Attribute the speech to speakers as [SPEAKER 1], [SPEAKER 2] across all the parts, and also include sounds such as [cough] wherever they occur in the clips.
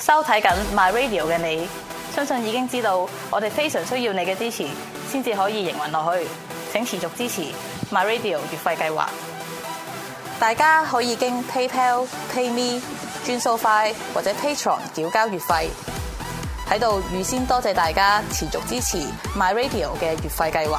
[SPEAKER 1] 收睇緊 My Radio 嘅你，相信已經知道我哋非常需要你嘅支持，先至可以營運落去。請持續支持 My Radio 月費計劃。
[SPEAKER 2] 大家可以經 PayPal Pay、PayMe、 [music] 轉數快或者 Patreon 繳交月費。喺度預先多謝大家持續支持 My Radio 嘅月費計劃。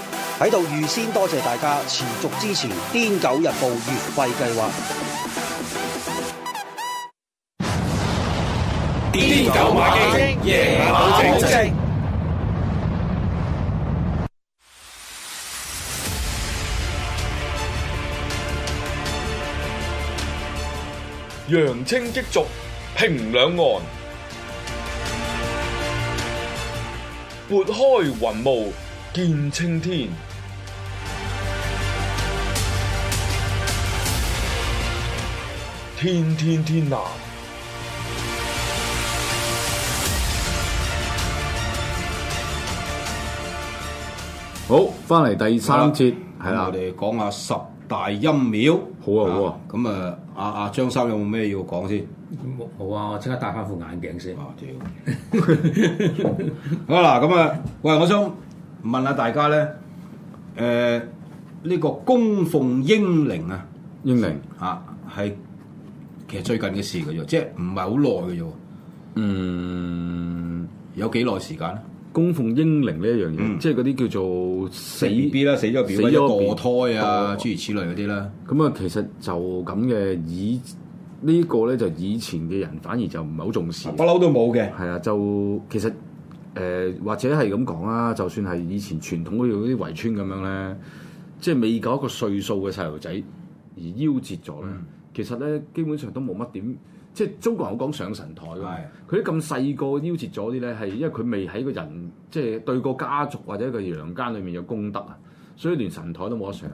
[SPEAKER 3] 喺度預先多謝大家持續支持《癲狗日報月費計劃》。
[SPEAKER 1] 癲狗馬經，夜馬正正，
[SPEAKER 3] 揚清激濁，平兩岸，撥開雲霧見青天。天天天藍，
[SPEAKER 1] 好，翻嚟第三節，係了啦，我哋講下十大陰廟。好啊，啊好啊。咁啊，阿阿張三有冇咩要講先、嗯？好啊，我即刻戴翻副眼鏡先。哇、啊！屌。好啦，咁啊，喂，我想問下大家咧，誒、呃，呢、這個供奉英靈啊，英靈靈啊，
[SPEAKER 3] 係。其實最近嘅事嘅啫，即係唔係好耐嘅啫。嗯，有幾耐時間咧？供奉英靈呢一樣嘢，嗯、即係嗰啲叫做死，死 B 啦，死咗表哥、墮胎啊，哦、諸如此類嗰啲啦。咁啊、嗯，其實就咁嘅以、這個、呢個咧，就以前嘅人反而就唔係好重視，不嬲都冇嘅。係啊，就其實誒、呃，或者係咁講啦，就算係以前傳統嗰啲圍村咁樣咧，即係未夠一個歲數嘅細路仔而夭折咗咧。嗯其實咧，基本上都冇乜點，即係中國人講上神台咯。佢啲咁細個夭折咗啲咧，係因為佢未喺個人，即係對個家族或者個陽間裏面有功德啊，所以連神台都冇得上。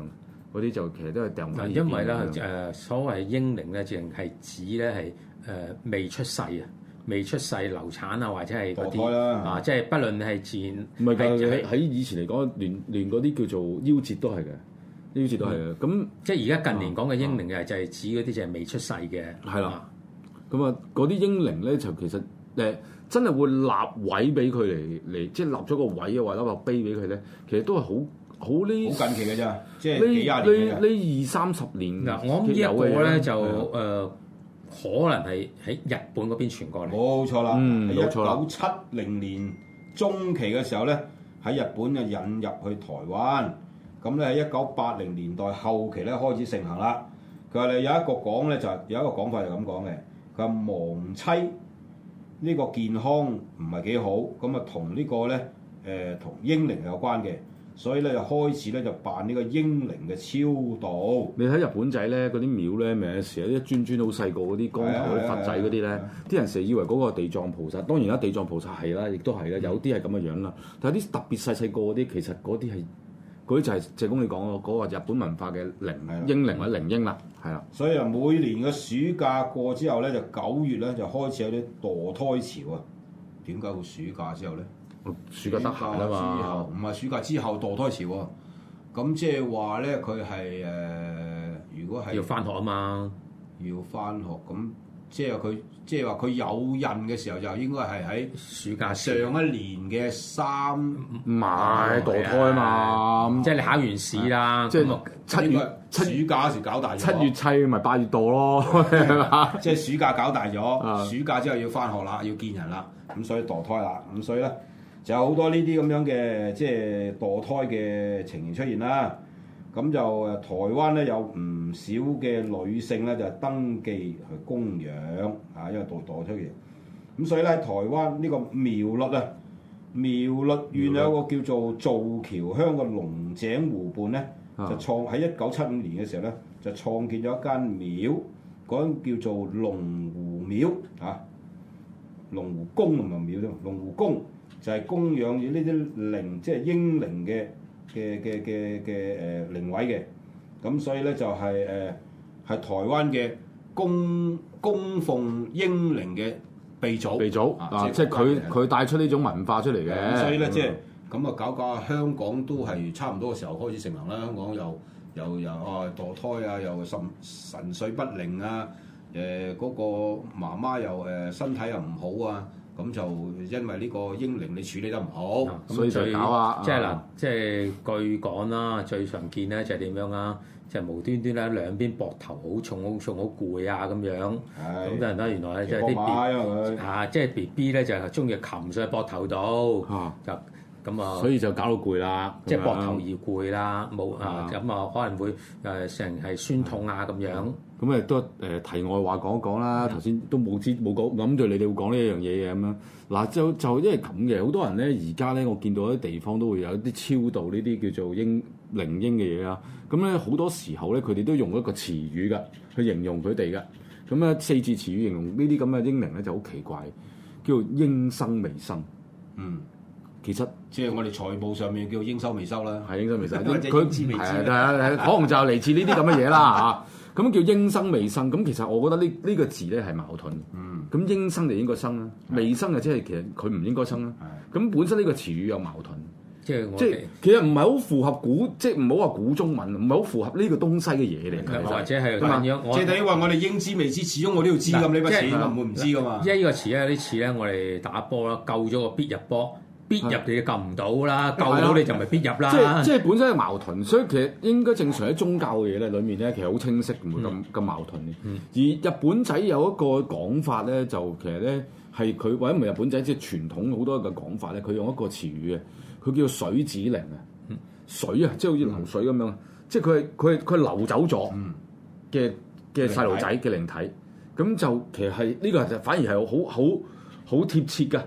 [SPEAKER 3] 嗰啲就其實都係掉埋。嗱，因為咧誒，啊、所謂
[SPEAKER 2] 英靈咧，淨係指咧係誒未出世啊，未出世流產啊，或者係墮胎啦啊，即、就、係、係、不論係
[SPEAKER 3] 自然唔係喺喺以前嚟講，連連嗰啲叫做夭折都係嘅。呢啲都係啊。咁、嗯、那即係
[SPEAKER 2] 而家近年講嘅英靈就係指嗰啲
[SPEAKER 3] 就係未出世嘅。係啦的，咁啊嗰啲英靈咧就其實誒、呃、真係會立位俾佢嚟嚟，即係立咗個位啊，或者立碑俾佢咧，其實都係好好呢，好近期嘅啫，即係幾廿呢二三十年嗱。我諗呢一個咧就誒，呃、可能係喺日本嗰邊傳過嚟，冇錯啦，嗯，冇錯啦，一九
[SPEAKER 1] 七零年中期嘅時候咧，喺日本就引入去台灣。咁咧，一九八零年代後期咧開始盛行啦。佢話咧有一個講咧就係有一個講法就，就咁講嘅。佢話亡妻呢個健康唔係幾好，咁啊同呢個咧誒同英靈有關嘅，所以咧就
[SPEAKER 3] 開始咧就辦呢個英靈嘅超度。你睇日本仔咧嗰啲廟咧咪成日一尊尊好細個嗰啲光頭嗰啲佛仔嗰啲咧，啲、啊啊啊、人成日以為嗰個地藏菩薩。當然啦，地藏菩薩係啦，亦都係啦，有啲係咁嘅樣啦。但係啲特別細細個嗰啲，其實嗰啲係。嗰啲就係謝公你講嗰個日本文化嘅靈啊，的英靈或者靈英啦，係啦。所以啊，每
[SPEAKER 1] 年嘅暑假過之後咧，就九月咧就開始有啲墮胎潮啊。點解會暑假之後咧？暑假得閒啊嘛，唔係暑假之後墮胎潮啊。咁即係話咧，佢係誒，如果係要返學啊嘛，要返學咁。即係佢，即係話佢有孕嘅時候，就應該係喺
[SPEAKER 3] 暑假上一年嘅三、五月墮胎嘛。即係你考完試啦，即係六、嗯、七月、七暑假嗰時搞大。七月七咪八月墮
[SPEAKER 1] 咯， [laughs] 即係暑假搞大咗，嗯、暑假之後要翻學啦，要見人啦，咁所以墮胎啦。咁所以咧，就有好多呢啲咁樣嘅即係墮胎嘅情形出現啦。咁就誒，台灣咧有唔少嘅女性咧就係登記去供養，啊，因為度墮出嚟。咁、啊、所以咧，台灣個苗栗呢個苗栗啊，苗栗縣有一個叫做造橋鄉嘅龍井湖畔咧，啊、就創喺一九七五年嘅時候咧，就創建咗一間廟，嗰間叫做龍湖廟，嚇、啊，龍湖宮唔係廟啫嘛，龍湖宮就係供養住呢啲靈，即係英靈嘅。嘅嘅嘅嘅誒靈位嘅，咁所以咧就係誒係台灣嘅供供奉英靈嘅
[SPEAKER 3] 鼻祖，鼻祖啊！即係佢佢帶出呢種文化出嚟嘅。咁、嗯、所以咧，即係
[SPEAKER 1] 咁啊，嗯、搞搞香港都係差唔多嘅時候開始成行啦。香港又又又啊，墮胎啊，又神神水不靈啊，誒、呃、嗰、那個媽媽又誒、呃、身體又唔好啊！咁就因為呢個嬰靈你處理得唔好，咁就即係嗱，即係、
[SPEAKER 2] 嗯、據講啦，最常見咧就係點樣啊？就係無端端咧兩邊膊頭好重好重好攰啊咁樣，咁但係咧原來咧即係啲啊，即係 B B 咧就係中意擒上去膊頭度，就咁啊，所以就搞到攰啦，即係膊頭而
[SPEAKER 3] 攰啦，
[SPEAKER 2] 冇啊咁
[SPEAKER 3] 啊可能會誒成
[SPEAKER 2] 日係酸痛啊咁樣。嗯。
[SPEAKER 3] 咁誒都誒、呃、題外話講一講啦，頭先都冇知冇講諗住你哋會講呢一樣嘢嘅咁樣。嗱、啊、就，就就因為咁嘅，好多人咧而家咧，我見到啲地方都會有一啲超度呢啲叫做嬰靈嬰嘅嘢啦。咁咧好多時候咧，佢哋都用一個詞語嘅去形容佢哋嘅。咁、啊、咧四字詞語形容呢啲咁嘅嬰靈咧就好奇怪，叫做應生未生。嗯，嗯其實即係我哋財報上面叫應收未收啦。係應收未收，佢係啊，他可能就係嚟自呢啲咁嘅嘢啦嚇。 [laughs] [laughs] 咁叫應生未生，咁其實我覺得呢呢個字咧係矛盾。嗯，咁應生就應該生啦，未生啊，即係其實佢唔應該生啦。係，咁本身呢個詞語有矛盾，即係即係其實唔係好符合古，即係唔好話古中文，唔係好符合呢個東西嘅嘢嚟或者係即係你話
[SPEAKER 2] 我
[SPEAKER 1] 哋應知未知，始終我都要
[SPEAKER 3] 知咁呢個詞，我唔但知噶嘛。
[SPEAKER 2] 因為呢個詞咧，有啲似咧，我哋打波啦，救咗個必入波。必入嘅嘢救唔到啦，的救到你就咪必入啦。即即、就
[SPEAKER 3] 是、本身係矛盾，所以其實應該正常喺宗教嘅嘢咧，裡面咧，其實好清晰，唔會咁咁矛盾嘅。嗯、而日本仔有一個講法咧，就其實咧係佢或者唔係日本仔，即、就是、傳統好多嘅講法咧，佢用一個詞語嘅，佢叫水子靈嘅。水啊，即、就、係、是、好似流水咁樣，嗯、即係佢係佢係佢流走咗嘅嘅細路仔嘅靈體。咁就其實係呢、這個就反而係好好好貼切嘅。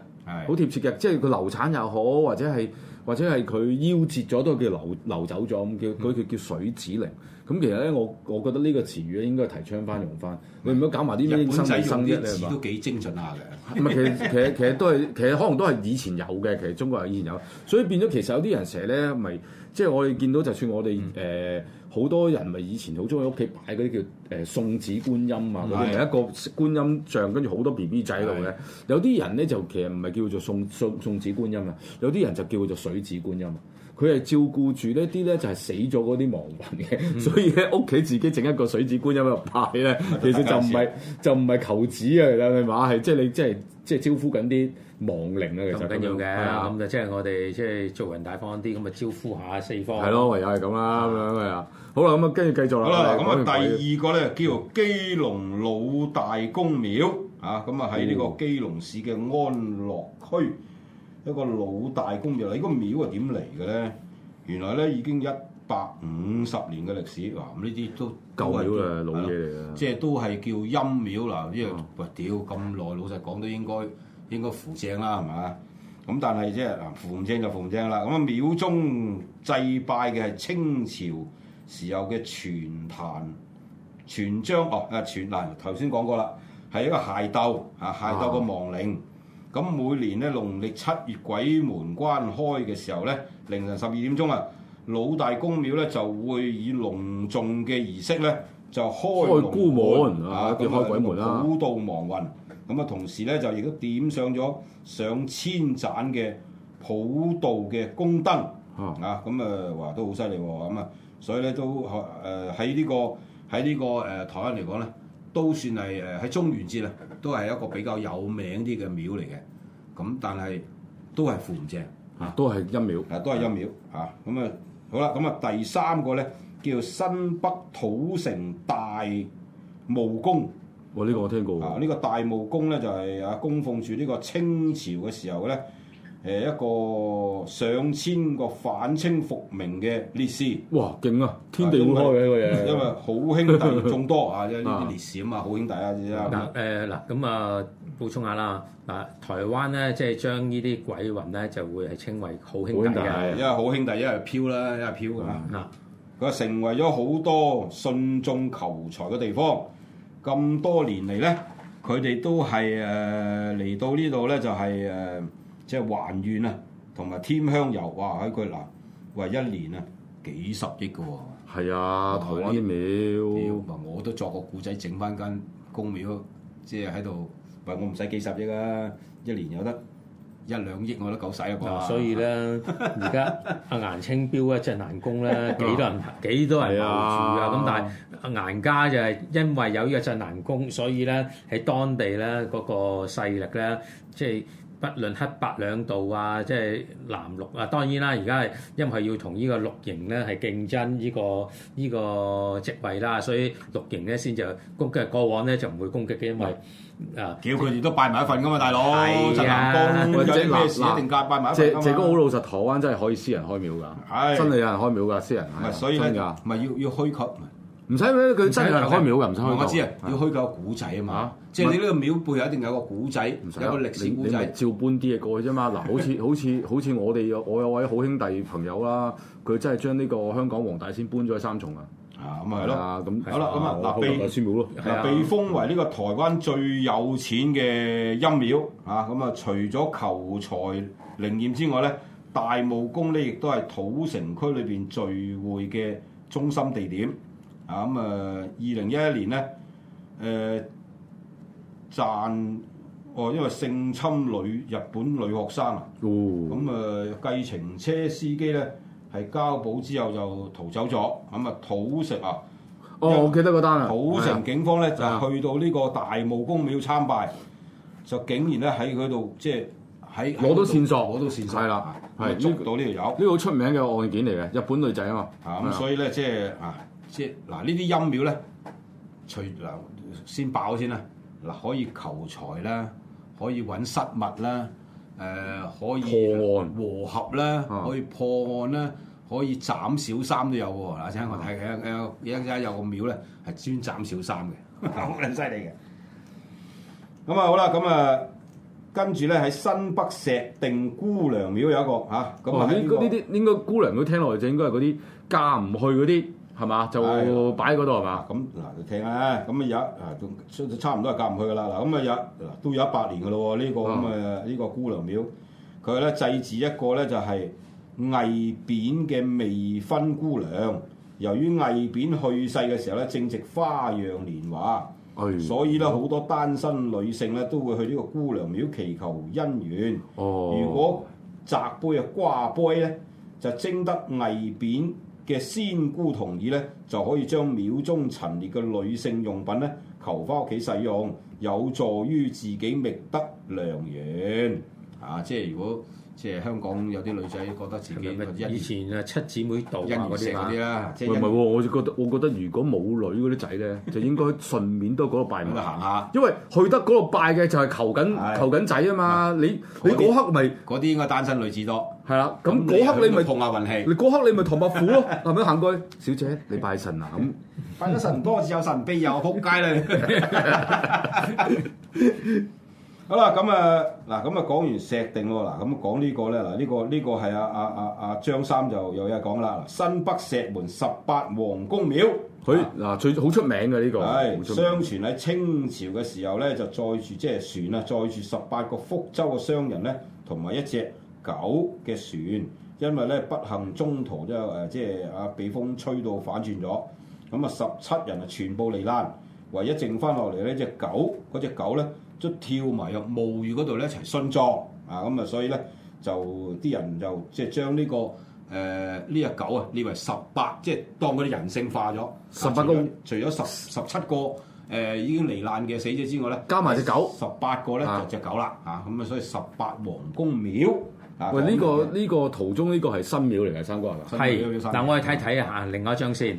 [SPEAKER 3] 好貼切嘅，即係佢流產又好，或者係或者係佢夭折咗都叫流流走咗，咁叫嗰叫叫水子靈。咁其實咧，我我覺得呢個詞語咧應該提倡翻用翻。你唔好搞埋啲咩新衍生啲嘅字，都幾
[SPEAKER 1] 精準下嘅。唔、嗯、 [laughs] 其實其
[SPEAKER 3] 實其實都係其實可能都係以前有嘅，其實中國人以前有，所以變咗其實有啲人成日咧咪。即係我哋見到，就算我哋誒好多人咪以前好中意屋企擺嗰啲叫誒送子觀音啊，嗰個係一個觀音像，跟住好多 B B 仔喺度咧。的有啲人咧就其實唔係叫做送送送子觀音啊，有啲人就叫做水子觀音，佢係照顧住呢啲咧，就係死咗嗰啲亡魂嘅，所以咧屋企自己整一個水子觀音喺度拜咧，其實就唔係就唔係求子啊，你話係即係你即係即係招呼緊啲亡靈啦，其實咁緊要嘅，咁
[SPEAKER 2] 就即係我哋即係做人大方啲，咁啊招呼下四方。係咯，
[SPEAKER 3] 唯
[SPEAKER 1] 有係咁啦，咁樣㗎啦。
[SPEAKER 3] 好啦，咁啊跟住繼續啦。好啦，咁啊第二
[SPEAKER 1] 個咧叫基隆老大公廟啊，咁啊喺呢個基隆市嘅安樂區。一個老大公廟啦，呢個廟係點嚟嘅咧？原來咧已經一百五十年嘅歷史，嗱咁呢啲都舊廟誒老嘢、嗯，即、就、係、是、都係叫陰廟啦。呢個喂屌咁耐，老實講都應該應該扶正啦，係嘛、嗯？咁但係即係嗱扶正就扶正啦。咁、嗯、啊廟中祭拜嘅係清朝時候嘅全壇全章哦，啊全壇頭先講過啦，係一個械鬥嚇械、啊、鬥嘅亡靈。啊咁每年咧，農曆七月鬼門關開嘅時候咧，凌晨十二點鐘啊，老大公廟咧就會以隆重嘅儀式咧，就開孤門啊，叫開鬼門啦、啊啊，普渡亡魂。咁啊，同時咧就亦都點上咗上千盞嘅普渡嘅宮燈啊，咁啊話都好犀利喎。咁啊，所以咧都誒喺呢個喺呢、這個誒、啊、台灣嚟講咧。都算係誒喺中元節啦，都係一個比較有名啲嘅廟嚟嘅，咁但係都係負正嚇，
[SPEAKER 3] 啊、都係陰廟，啊都係陰廟
[SPEAKER 1] 嚇。咁是啊好啦！咁啊第三個咧叫做新北土城大墓公。哇、哦！呢、這個我聽過啊，呢、這個大墓公咧就係、是、啊供奉住呢個清朝嘅時候咧。誒一個上千個反清復明嘅烈士，
[SPEAKER 3] 哇！勁啊！天地好開嘅呢個嘢，因為， [laughs] 因為好兄弟眾
[SPEAKER 1] 多啊，因為呢啲烈士啊嘛，好兄弟啊，知
[SPEAKER 3] 嗱
[SPEAKER 2] 誒嗱咁啊，補充下啦，嗱台灣咧，即、就、係、是、
[SPEAKER 1] 將呢啲鬼魂咧，就會係稱為好兄弟，好兄弟因為好兄弟，因為飄啦，因為飄、嗯、啊，嗱，佢成為咗好多信眾求財嘅地方。咁多年嚟咧，佢哋都係誒嚟到呢度咧，就係、是、誒。Uh, 即係還願啊，同埋添香油，哇！喺佢嗱，話一年啊幾十億噶喎。係啊，台灣廟，我都作個古仔，整翻間宮廟，即係喺度。喂我唔使幾十億啊，一年有得一兩億，我都夠使一個。所以咧，而家阿顏清標咧，鎮瀾宮
[SPEAKER 2] 咧，幾多人幾多人豪住啊？咁但係阿顏家就係因為有呢個鎮瀾宮，所以咧喺當地咧嗰個勢力咧，即係。不論黑白兩道啊，即係藍綠啊，當然啦，而家係因為要同呢個綠營咧係競爭呢、這個依、這個席位啦，所以綠營咧先至就攻擊過往咧就唔會攻擊嘅，因為啊哇、呃、叫佢哋都拜埋一份噶嘛，大佬，或
[SPEAKER 3] 者咩事一定拜埋一份啊！謝公好老實，台灣真係可以私人開廟噶，啊、真係有人開廟噶，私人係真㗎，唔、哎、係要要，要虛構。唔使佢真係開廟又唔使開廟，我知啊，要
[SPEAKER 1] 虛構古仔啊嘛，即係你呢個廟背後一定有個古仔，有個歷史古仔，
[SPEAKER 3] 照搬啲嘢過去啫嘛。嗱，好似好似好似我哋有我有位好兄弟朋友啦，佢真係將呢個香港黃大仙搬咗去三重啊。啊，咁咪係囉，咁好啦，咁啊，嗱，被
[SPEAKER 1] 封為呢個台灣最有錢嘅陰廟啊。咁啊，除咗求財靈驗之外咧，大墓公咧亦都係土城區裏邊聚會嘅中心地點。咁啊！二零一一年咧，誒、呃，賺哦，因為性侵女日本女學生，哦、啊，咁啊，計程車司機咧係交保之後就逃走咗，咁啊，土城、哦、啊，
[SPEAKER 3] 哦、啊，我記得嗰單，土城
[SPEAKER 1] 警方咧就去到呢個大墓公廟參拜，就竟然咧喺佢度，即係喺
[SPEAKER 3] 攞到線索，攞到線索，係啦、啊，係捉到呢條友，呢個出名嘅案件嚟嘅，日本女仔啊嘛，啊咁，所以咧即係啊。啊 [laughs] 即嗱，音呢啲陰廟咧，
[SPEAKER 1] 除啊先爆先啦，嗱，可以求財啦，可以揾失物啦，誒、呃、可以和合啦，可以破案啦，可以斬小三都有喎。嗱，請我睇嘅誒，一陣間有個廟咧係專斬小三嘅、嗯， [laughs] 好犀利嘅。咁啊好啦，咁啊跟住咧喺新北
[SPEAKER 3] 石碇姑娘廟有一個嚇，咁啊呢呢啲應該姑娘廟聽落嚟就應該係嗰啲嫁唔去嗰啲。係嘛？就擺嗰度係嘛？咁嗱、哎呀，你聽啦，咁啊有
[SPEAKER 1] 啊，都、啊啊、差唔多係嫁唔去㗎啦。嗱、啊，咁啊有嗱都有一百年㗎咯喎。呢、這個咁啊呢個姑娘廟，佢咧祭祀一個咧就係、是、魏扁嘅未婚姑娘。由於魏扁去世嘅時候咧正值花樣年華，嗯、所以咧好多單身女性咧都會去呢個姑娘廟祈求姻緣。哦、嗯，如果擲杯啊掛杯咧，就徵得魏扁。嘅仙姑同意咧，就可以將廟中陳列嘅女性用品咧，求翻屋企使用，有助於自己覓得良緣。啊，即係如果即係香港有啲女仔覺得自己以前啊七姊妹度啊嗰
[SPEAKER 3] 啲啦，即係唔係喎？我就覺得，我覺得如果冇女嗰啲仔咧，就應該順便都喺嗰度拜下，因為去得嗰度拜嘅就係求緊求緊仔啊嘛！你你嗰刻咪嗰啲應該單身女子多。係啦，咁嗰、嗯、刻你咪，同你嗰刻你咪唐伯虎咯。嗱，咁行過去，小姐你拜神啊咁、嗯，
[SPEAKER 1] 拜咗神多，自有神庇佑，扑街你。好啦，咁啊，嗱，咁 [laughs] [laughs] 啊，講完石定咯。嗱，咁講呢個咧，嗱，呢個呢、這個係、這個、啊，阿阿阿張三就有嘢講啦，新北石門十八王公廟，佢嗱他、啊、最好出、啊、名嘅呢個，係相傳喺清朝嘅時候咧，就載住即係、就是、船啊，載住十八個福州嘅商人咧，同埋一隻。狗嘅船，因為咧不幸中途即係誒，即係啊俾風吹到反轉咗，咁啊十七人啊全部罹難，唯一剩翻落嚟呢隻隻狗，嗰隻狗咧都跳埋入墓雨嗰度咧一齊殉葬，啊咁啊所以咧就啲人就、這個呃這個、18，即係將呢個誒呢隻狗啊列為十八，即係當佢人性化咗十八公，除咗十十七個誒、呃、已經罹難嘅死者之外咧，加埋隻狗，十八個咧、啊、就隻狗啦，啊咁啊所以十八皇
[SPEAKER 3] 公廟，廟。喂，呢個呢個途中呢個係新廟嚟嘅，三哥係咪？係。嗱，我哋睇
[SPEAKER 1] 睇下另外一張先。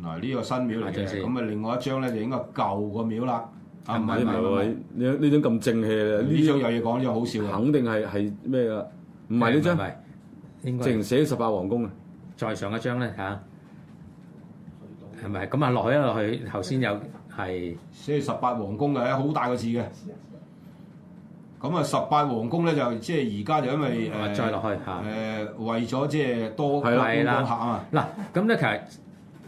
[SPEAKER 1] 嗱，呢個新廟嚟張咁啊，另外一張咧就應該
[SPEAKER 3] 舊個廟啦。啊，唔係唔係，呢呢張咁正氣咧。呢張又要講，呢張好笑。肯定係係咩啊？唔係呢張。唔係，應該。
[SPEAKER 2] 淨
[SPEAKER 3] 寫十八皇宮啊！再
[SPEAKER 2] 上一張咧吓，係咪？咁啊，落去啊，落去。頭先有係
[SPEAKER 1] 寫十八皇宮嘅，好大個字嘅。咁啊，十八皇宮咧就即係而家就因為誒，再落去誒為咗即係多觀光客啊嘛、嗯。嗱，
[SPEAKER 2] 咁咧其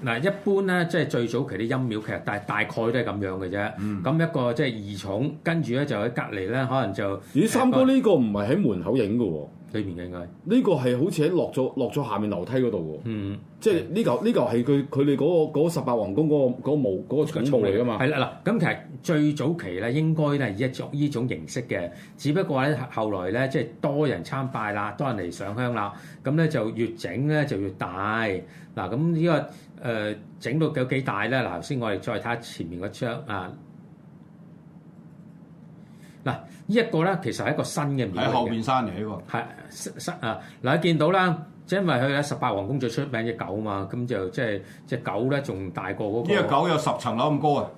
[SPEAKER 2] 實嗱，一般咧即係最早期啲陰廟其實大大概都係咁樣嘅啫。咁、嗯、一個即係二重，跟住咧就喺隔離咧，可能就
[SPEAKER 3] 咦，三哥呢個唔係喺門口影㗎喎。裏面嘅應該，呢個係好似喺落咗落咗下面樓梯嗰度喎。嗯，即係呢嚿呢嚿係佢佢哋嗰個十八皇宮嗰個嗰個墓嗰個古嚟噶嘛。係啦。
[SPEAKER 2] 嗱，咁其實最早期咧應該咧以一種呢種形式嘅，只不過咧後來咧即係多人參拜啦，多人嚟上香啦，咁咧就越整咧就越大。嗱咁、呢個呃、呢個誒整到有幾大咧？嗱頭先我哋再睇下前面嗰張啊。嗱，呢一個咧，其實係一個新嘅面嘅，喺後面生嘢喎。係新新啊！嗱，你見到啦，因為佢喺十八王公最出名嘅狗啊嘛，咁就即係隻狗咧，仲大過嗰、那個。呢個狗有十層樓咁高啊！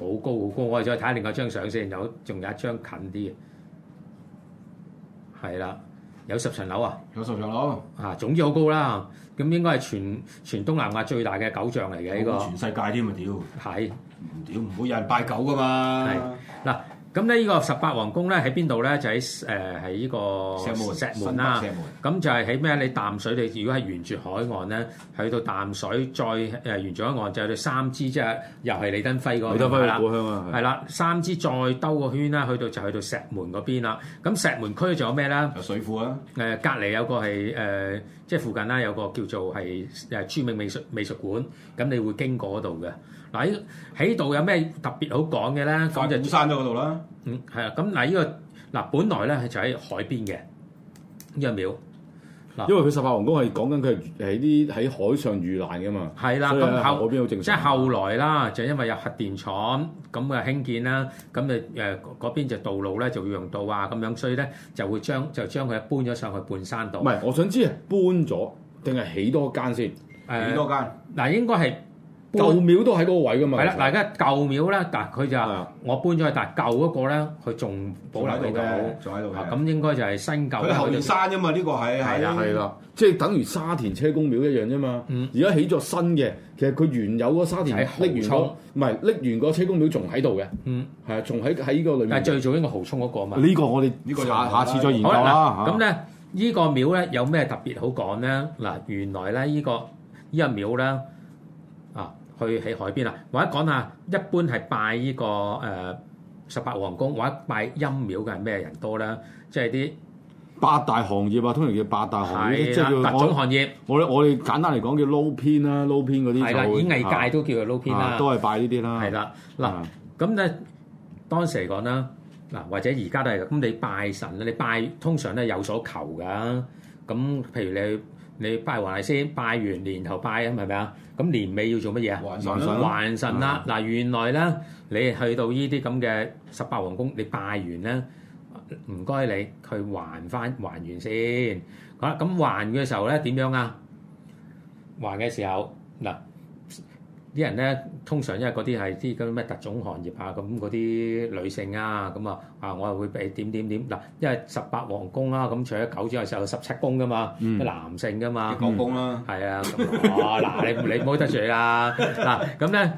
[SPEAKER 2] 好高好高，我哋再睇下另外一張相先，有仲有一張近啲嘅。係啦，有十層樓啊！有十層樓啊！總之好高啦，咁應該係全全東南亞最大嘅狗像嚟嘅呢個。全世界添啊屌！係的，屌唔會有人拜狗噶嘛？係嗱。咁咧，依個十八王宮咧喺邊度咧？就喺誒，係、呃、依個石門石，石門啦、啊。咁、嗯、就係喺咩？你淡水，你如果係沿住海岸咧，去到淡水，再誒沿住海岸就去到三芝，即係又係是李登輝去到個。李登輝啊！係啦、嗯，三芝再兜個圈啦，去到就去到石門嗰邊啦。咁、嗯、石門區仲有咩咧？有水庫啊！誒、呃，隔離有個係誒，即、呃、係、就是、附近啦，有個叫做係誒著名美術美術館，咁你會經過嗰度嘅。喺度有咩特別好講嘅咧？咁就山咗嗰度啦。嗯，係啊。咁嗱，呢個嗱，本來咧就喺海邊嘅呢個廟。嗱，因為佢十
[SPEAKER 3] 八王公係講緊佢係喺啲喺海上遇難嘅嘛。係啦、嗯，咁後海
[SPEAKER 2] 邊好正常。即係後來啦，就因為有核電廠咁嘅興建啦，咁就誒嗰邊就道路咧就要用到啊咁樣，所以咧就會將就將佢搬咗上去半山度。唔係，
[SPEAKER 3] 我想知搬咗定係起多間
[SPEAKER 2] 先？呃、起多間嗱，應該係。舊廟都喺嗰個位噶嘛？係啦，嗱，而家舊廟咧，但佢就我搬咗去，但係舊嗰個咧，佢仲保留喺度，仲喺度。咁應
[SPEAKER 3] 該就係新舊佢後人山啫嘛？呢個係，係啊，係啦，即係等於沙田車公廟一樣啫嘛。而家起咗新嘅，其實佢原有嗰沙田搦完，唔係搦完嗰車公廟仲喺度嘅。嗯，係啊，仲喺喺呢個裏面，係最早重要，豪衝嗰個嘛。呢個我哋呢個下下次再研究啦。咁咧
[SPEAKER 2] 呢個廟咧有咩特別好講咧？嗱，原來咧呢個呢個廟咧啊。去喺海邊啦，或者講下一般係拜呢、這個誒、呃、十八王公，或者拜陰廟嘅係咩人多咧？即係啲
[SPEAKER 3] 八大行業啊，通常叫八大行業，的即係特種行業。我我哋簡單嚟講叫撈偏啦，撈偏嗰啲就演藝界都叫佢撈偏啦，都係拜呢啲啦。係啦的，嗱
[SPEAKER 2] 咁咧，當時嚟講啦，嗱或者而家都係咁，你拜神咧，你拜通常咧有所求嘅，咁譬如你。你拜還先，拜完年頭拜啊，係咪啊？咁年尾要做乜嘢啊？還神啦！嗱，的原來咧，你去到呢啲咁嘅十八王宮，你拜完咧，唔該你，去還翻還完先。好啦，咁還嘅時候咧點樣啊？還嘅時候嗱。啲人咧，通常因為嗰啲係啲咁咩特種行業啊，咁嗰啲女性啊，咁啊啊，我又會俾點點點嗱，因為十八王公啦，咁除咗九之外，就，有十七宮噶嘛，男性噶嘛九宮啦，係啊，嗱、 [laughs] 啊、你你唔好得罪啦嗱，咁咧、 [laughs] 啊、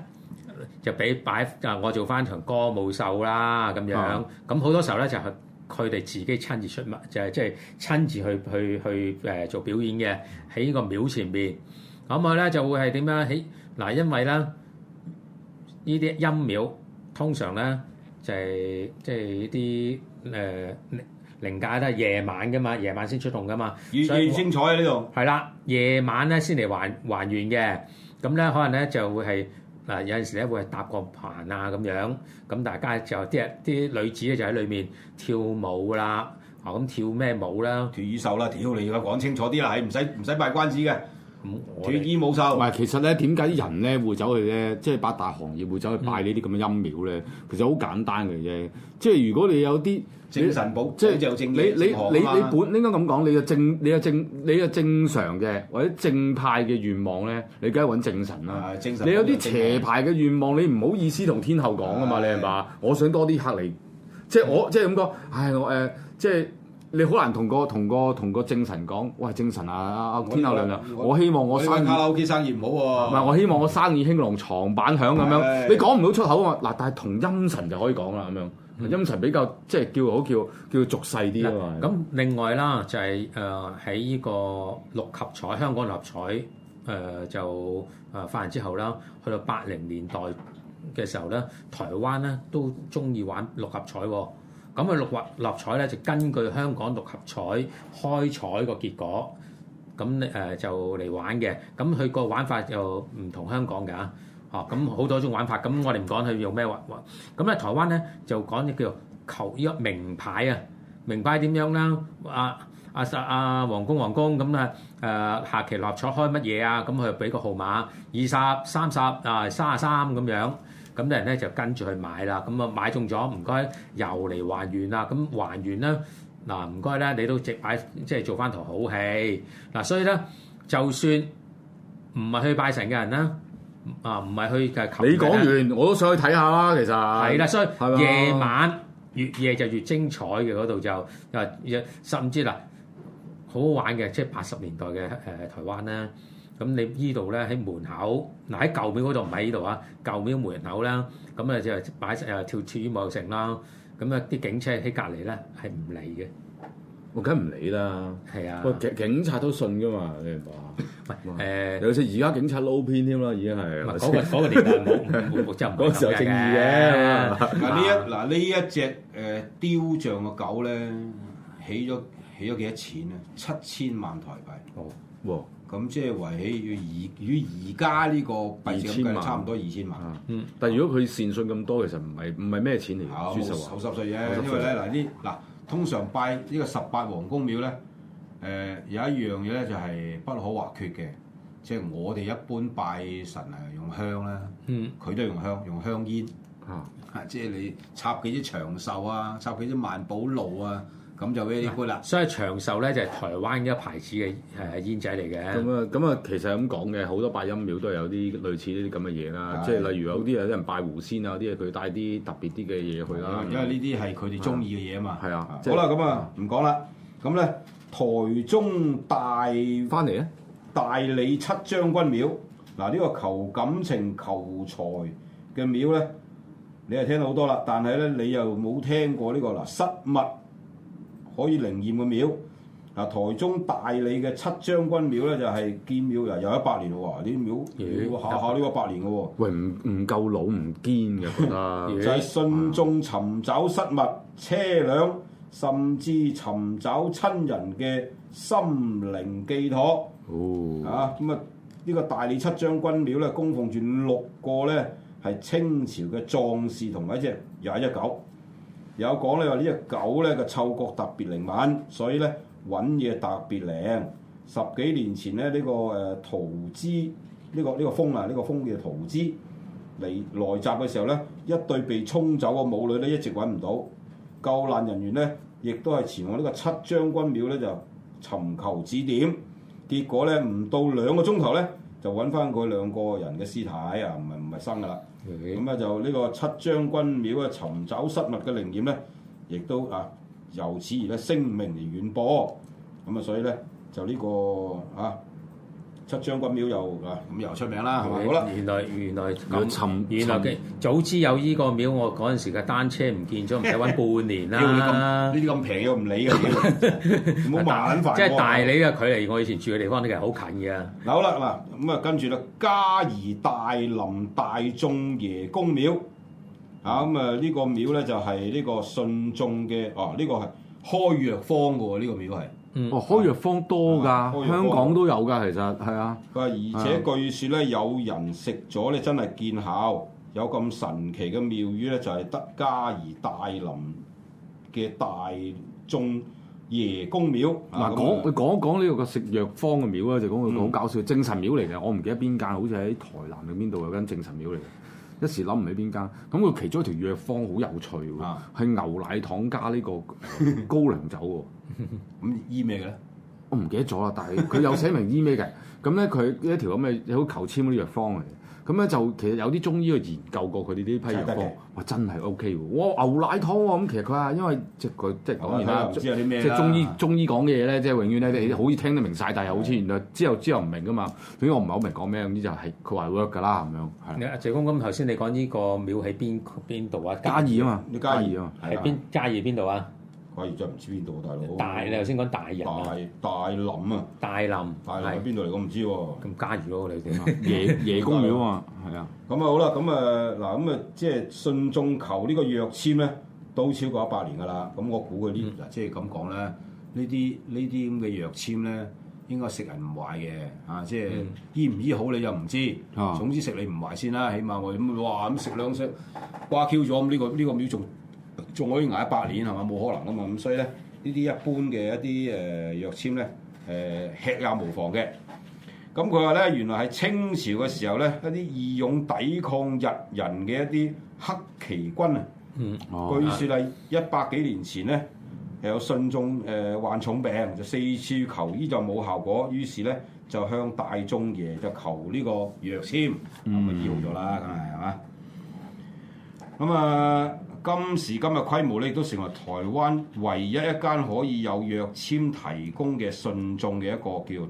[SPEAKER 2] 就俾擺啊，我做翻場歌舞秀啦咁樣，咁好、嗯、多時候咧就係佢哋自己親自出物，就係即係親自去去去誒做表演嘅喺呢個廟前邊，咁佢咧就會係點樣喺？嗱，因為咧，依啲陰廟通常咧就係即係依啲誒靈界都係夜晚嘅嘛，夜晚先出動嘅嘛，所以精彩喺、啊、呢度。係啦，夜晚咧先嚟還還願嘅，咁咧可能咧就會係嗱有陣時咧會係搭個棚啊咁樣，咁大家就啲啲女子咧就喺裏面跳舞啦，啊咁
[SPEAKER 3] 跳咩舞啦？跳羽繡啦，屌你個講清楚啲啦，係唔使唔使賣關子嘅。脫衣冇收。唔係、嗯，其實咧，點解啲人咧會走去咧，即係八大行業會走去拜呢啲咁嘅陰廟咧？其實好簡單嘅啫。即、就、係、是、如果你有啲正神保，即係就正。你你你你本應該咁講，你嘅正，你嘅正，你嘅正常嘅或者正派嘅願望咧，你梗係揾正神啦、啊。係正、啊、神。你有啲邪派嘅願望，願望你唔好意思同天后講啊嘛，是的 的你係嘛？我想多啲客嚟，即係我即係咁講，唉，我誒即係。你好難同個同個同個正神講，喂正神啊！天后娘娘，我，我希望我生意我卡拉 OK
[SPEAKER 1] 生意唔好唔、啊、係
[SPEAKER 3] 我希望我生意興隆，床板響咁樣。是是是你講唔到出口啊！嗱，但係同陰神就可以講啦咁樣。陰神比較即係叫好叫叫俗世啲啊。
[SPEAKER 2] 咁另外啦，就係誒喺呢個六合彩香港六合彩誒、呃、就誒發完之後啦，去到八零年代嘅時候咧，台灣咧都中意玩六合彩。呃咁佢六合六彩咧就根據香港六合彩開彩個結果，咁誒、呃、就嚟玩嘅。咁佢個玩法就唔同香港嘅啊，咁好多種玩法。咁我哋唔講佢用咩玩法。咁咧台灣咧就講啲叫求一名牌啊，名牌點樣啦？阿阿阿王公王公咁啊，誒、啊啊啊啊、下期六合彩開乜嘢啊？咁佢俾個號碼二十、三十啊、三啊三咁樣。咁啲人咧就跟住去買啦，咁啊買中咗，唔該又嚟還願啦、啊，咁還願啦，嗱，唔該咧你都直擺即係做翻頭好戲嗱，所以咧就算唔係去拜神嘅人啦，啊唔係去就你講完
[SPEAKER 3] 我都想去睇下啦，其
[SPEAKER 2] 實係啦，所以夜的晚越夜就越精彩嘅嗰度就啊甚至嗱好好玩嘅，即係八十年代嘅誒、呃、台灣咧。咁你依度咧喺門口，嗱、啊、喺舊廟嗰度唔喺依度啊！舊廟門口啦，咁啊就擺誒、啊、跳跳又成啦，咁啊啲警車喺隔離咧係唔理嘅，
[SPEAKER 3] 我梗唔理啦，係啊，警、哦啊哦、警察都信噶嘛，你係話？唔係誒，尤其是而家警察撈片添啦，已經係。嗱嗰個嗰、那個地方唔嗰個正義嘅。嗱呢、啊、一
[SPEAKER 1] 嗱呢一隻誒雕像嘅狗咧，起咗起咗幾多錢啊？7, 七千萬台幣。哦，咁即係圍起要而
[SPEAKER 3] 與而家呢個幣咁計，差唔多二千萬。嗯，但係如果佢善信咁多，其實唔係唔係咩錢嚟嘅，十歲啫，啊、因為咧嗱呢嗱，啊、通常拜呢個十
[SPEAKER 1] 八王公廟咧，誒、呃、有一樣嘢咧就係不可或缺嘅，即、就、係、是、我哋一般拜神誒用香啦，佢都用香用香煙。嗯、啊，即係你插幾支長壽啊，插幾支萬寶路啊。咁就 very
[SPEAKER 3] 啦。所以長壽咧就係台灣一牌子嘅誒煙仔嚟嘅。咁啊，咁啊，其實咁講嘅好多拜陰廟都有啲類似呢啲咁嘅嘢啦。即係的例如有啲啊，啲人拜狐仙啊，有啲啊，佢帶啲特別啲嘅嘢去啦。因為呢啲係佢哋中意嘅嘢啊嘛。係啊。好啦了，咁啊唔講啦。
[SPEAKER 1] 咁咧台中大翻嚟啊，大里七將軍廟嗱，呢個求感情求財嘅廟咧，你係聽到好多啦，但係咧你又冇聽過呢個嗱失物，可以靈驗嘅廟，嗱台中大里嘅七將軍廟咧就係建廟又有一百年喎，呢啲、欸、廟，考考呢個百年嘅
[SPEAKER 3] 喎。喂，唔唔夠老唔堅嘅 [laughs] 就係
[SPEAKER 1] 信眾尋找失物、車輛，甚至尋找親人嘅心靈寄託。哦，啊咁啊，呢、這個大里七將軍廟咧供奉住六個咧係清朝嘅壯士同埋一隻也一狗。有講咧話呢隻狗咧個嗅覺特別靈敏，所以咧揾嘢特別靈。十幾年前咧呢個誒桃芝呢、呢個呢、呢個風啊呢個風嘅桃芝嚟襲嘅時候咧，一對被沖走嘅母女咧一直揾唔到，救難人員咧亦都係前往呢個七將軍廟咧就尋求指點，結果咧唔到兩個鐘頭咧。就揾翻嗰兩個人嘅屍體啊，唔係，唔係生噶啦，咁啊、嗯、就呢、呢個七將軍廟嘅尋找失物嘅靈驗咧，亦都啊由此而咧聲名遠播，咁啊所以咧就呢、呢個啊。七將軍廟又啊，咁又出名啦，係咪來？
[SPEAKER 2] 好啦吧，原來原來咁，樣沉原來嘅早知有依個廟，我嗰陣時嘅單車唔見咗，唔使揾半年啦。呢啲咁平又唔理嘅，唔好 [laughs]
[SPEAKER 1] 麻煩。即係大
[SPEAKER 2] 理嘅距離，我以前住嘅地方都其實好近嘅。嗱
[SPEAKER 1] 好啦，嗱咁啊，跟住啦，嘉義大林大眾爺公廟、嗯、啊，咁啊呢個廟咧就係呢個信眾嘅啊，呢、這個係開藥方嘅喎，呢、這個廟係。
[SPEAKER 3] 嗯、哦，開藥方多噶，啊、香港都有噶，其實係啊。
[SPEAKER 1] 佢話而且據說咧，啊、有人食咗咧，你真係見效，有咁神奇嘅廟宇，咧，就係、是、得嘉義大林嘅大眾爺
[SPEAKER 3] 公廟。嗱、嗯，啊、講樣講一講呢個個食藥方嘅廟咧，就講佢好搞笑精、嗯、神廟嚟嘅，我唔記得邊間，好似喺台南定邊度有間精神廟嚟嘅。一時諗唔起邊間，咁佢其中一條藥方好有趣喎，係、啊、牛奶糖加呢個高粱酒喎，咁醫咩嘅咧？我唔記得咗啦，但係佢有寫明醫咩嘅，咁咧佢一條咁嘅好求籤嗰啲藥方嚟。咁咧就其實有啲中醫去研究過佢哋呢批藥方，話真係 O K 喎，我牛奶湯喎，咁其實佢話因為即係佢即係、嗯、講完啦唔知有啲咩即，即係中醫中醫講嘅嘢咧，即係永遠咧啲好似聽得明晒，對 但係好似原來之後之後唔明噶嘛，總之我唔係好明講咩咁，就係佢話 work 㗎啦咁樣。係啊，謝公咁頭先你講呢個廟喺邊邊
[SPEAKER 2] 度啊？嘉義啊嘛，要嘉義啊，係邊嘉義邊度啊？嘉義就唔知邊度喎，大佬。大你
[SPEAKER 1] 頭先講大林。大大林啊。大林，啊。大林喺邊度嚟？我唔知喎。咁嘉義咯，你哋。夜夜公廟啊嘛。係
[SPEAKER 3] 啊。
[SPEAKER 1] 咁啊好啦，咁啊嗱，咁啊即係信眾求呢個藥籤咧，都超過一百年噶啦。咁我估佢啲嗱，即係咁講咧，呢啲呢啲咁嘅藥籤咧，應該食人唔壞嘅嚇、啊。即係醫唔醫好你又唔知。哦。總之食你唔壞先啦，起碼我咁哇咁食兩聲瓜 Q 咗咁呢個呢、嗯呢個廟仲。嗯仲可以捱一百年係嘛？冇可能㗎嘛！咁所以咧，呢啲一般嘅一啲誒、呃、藥籤咧，誒、呃、吃也無妨嘅。咁佢話咧，原來係清朝嘅時候咧，一啲義勇抵抗日人嘅一啲黑旗軍啊。嗯。
[SPEAKER 2] 哦、據説
[SPEAKER 1] 係一百幾年前咧，係有信眾誒、呃、患重病，就四處求醫就冇效果，於是咧就向大眾爺就求呢個藥籤，咁咪、嗯、要咗啦，梗係係嘛？咁啊、嗯、～、嗯嗯。今時今日規模咧，亦都成為台灣唯一一間可以有約簽提供嘅信眾嘅一個叫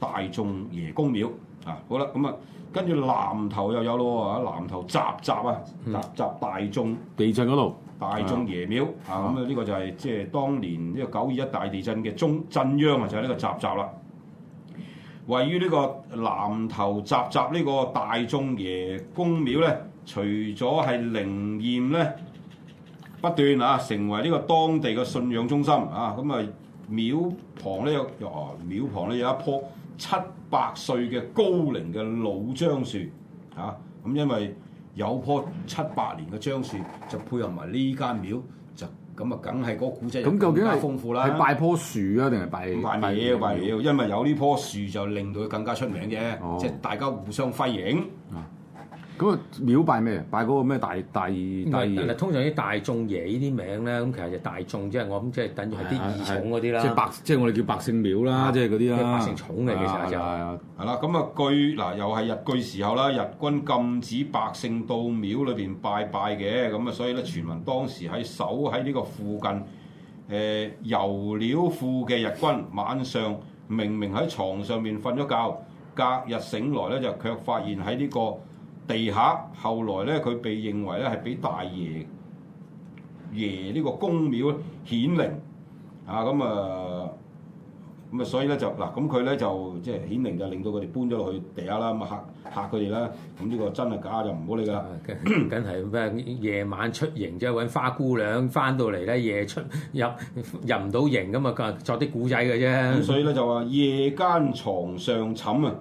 [SPEAKER 1] 大眾爺公廟啊。好啦，咁啊，跟住南投又有咯、嗯、啊，南投集集啊，集集大眾地震嗰度大眾爺廟啊。咁啊，呢個就係即係當年呢個九二一大地震嘅中震央啊，就係呢個集集啦。位於呢個南投集集呢個大眾爺公廟咧，除咗係靈驗咧，不斷啊，成為呢個當地嘅信仰中心啊！咁、嗯、啊，廟旁呢個哦，廟旁呢有一棵七百歲嘅高齡嘅老樟樹啊！咁、嗯、因為有棵七百年嘅樟樹，就配合埋呢間廟，就咁啊，梗係個古蹟更加豐富啦！拜棵樹啊，定
[SPEAKER 3] 係拜拜嘢拜嘢，因為有呢
[SPEAKER 1] 棵樹就令到佢更加出名嘅，即係、哦、大家互相輝映。
[SPEAKER 3] 嗰個廟拜咩？拜嗰個咩大大大
[SPEAKER 2] 通常啲大眾爺呢啲名咧，咁其實就大眾，即係我咁即係等於係啲二重嗰啲啦。即
[SPEAKER 3] 百即係我哋叫百姓廟啦，即係嗰啲啦。百姓重嚟嘅就
[SPEAKER 1] 係啦。咁啊，據嗱又係日據時候啦，日軍禁止百姓到廟裏邊拜拜嘅，咁啊，所以咧傳聞當時喺守喺呢個附近誒油料庫嘅日軍晚上明明喺床上面瞓咗覺，隔日醒來咧就卻發現喺呢個地下後來咧，佢被認為咧係俾大爺爺呢個宮廟顯靈啊！咁啊咁啊，所以咧就嗱，咁佢咧就即係顯靈就令到佢哋搬咗落去地下啦。咁啊嚇嚇佢哋啦。咁、這、呢個真係假就唔好理㗎、啊。梗係咩夜晚
[SPEAKER 2] 出營即係搵花姑娘翻到嚟咧？夜出入入唔到營咁啊！作啲古仔㗎啫。咁所以咧
[SPEAKER 1] 就話夜間床上寢。」啊！